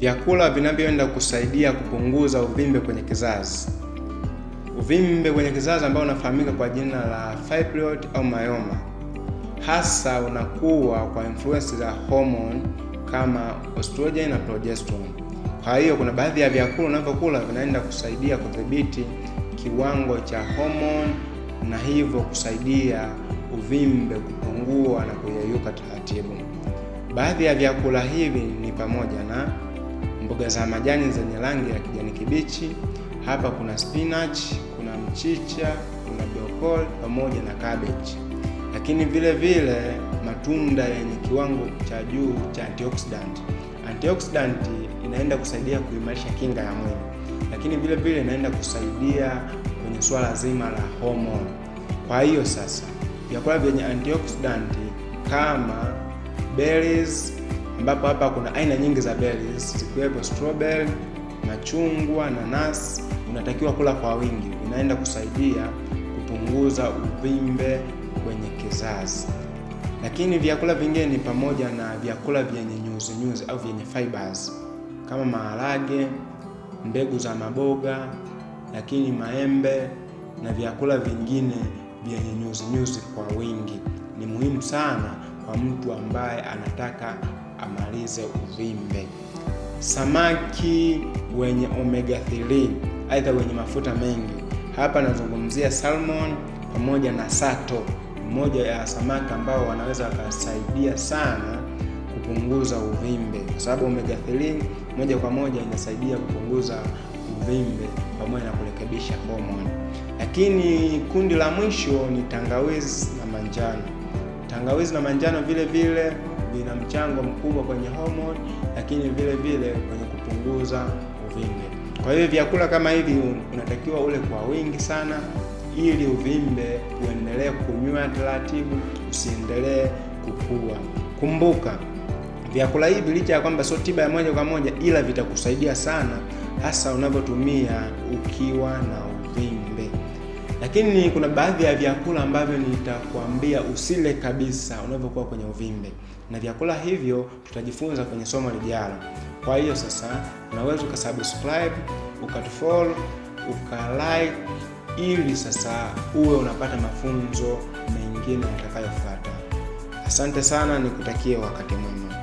vyakula vinavyoenda kusaidia kupunguza uvimbe kwenye kizazi. Uvimbe kwenye kizazi ambao unafahamika kwa jina la fibroid au mayoma hasa unakuwa kwa influence za hormone kama estrogen na progesterone. Kwa hiyo kuna baadhi ya vyakula unavyokula vinaenda kusaidia kudhibiti kiwango cha hormone na hivyo kusaidia uvimbe kupungua na kuyeyuka taratibu. Baadhi ya vyakula hivi ni pamoja na mboga za majani zenye rangi ya kijani kibichi. Hapa kuna spinach, kuna mchicha, kuna brokoli pamoja na cabbage, lakini vile vile matunda yenye kiwango cha juu cha antioxidant. Antioxidant inaenda kusaidia kuimarisha kinga ya mwili, lakini vile vile inaenda kusaidia kwenye swala zima la hormone. Kwa hiyo sasa vyakula vyenye antioxidant kama berries ambapo hapa kuna aina nyingi za berries zikiwepo strawberry, machungwa, nanasi. Unatakiwa kula kwa wingi, inaenda kusaidia kupunguza uvimbe kwenye kizazi. Lakini vyakula vingine ni pamoja na vyakula vyenye nyuzi nyuzi au vyenye fibers kama maharage, mbegu za maboga, lakini maembe na vyakula vingine vyenye nyuzi nyuzi kwa wingi ni muhimu sana kwa mtu ambaye anataka amalize uvimbe. Samaki wenye omega 3 aidha wenye mafuta mengi, hapa nazungumzia salmon pamoja na sato, mmoja ya samaki ambao wanaweza wakasaidia sana kupunguza uvimbe, kwa sababu omega 3 moja kwa moja inasaidia kupunguza uvimbe pamoja na kurekebisha homoni. Lakini kundi la mwisho ni tangawizi na manjano. Tangawizi na manjano vile vile vina mchango mkubwa kwenye homoni, lakini vile vile kwenye kupunguza uvimbe. Kwa hiyo vyakula kama hivi unatakiwa ule kwa wingi sana, ili uvimbe uendelee kunywa taratibu, usiendelee kukua. Kumbuka vyakula hivi licha ya kwamba sio tiba ya moja kwa moja, ila vitakusaidia sana, hasa unavyotumia ukiwa na uvimbe. Lakini kuna baadhi ya vyakula ambavyo nitakwambia usile kabisa unapokuwa kwenye uvimbe, na vyakula hivyo tutajifunza kwenye somo lijalo. Kwa hiyo sasa, unaweza ukasubscribe, ukatufollow, ukalike ili sasa uwe unapata mafunzo mengine utakayofuata. Asante sana, nikutakie wakati mwema.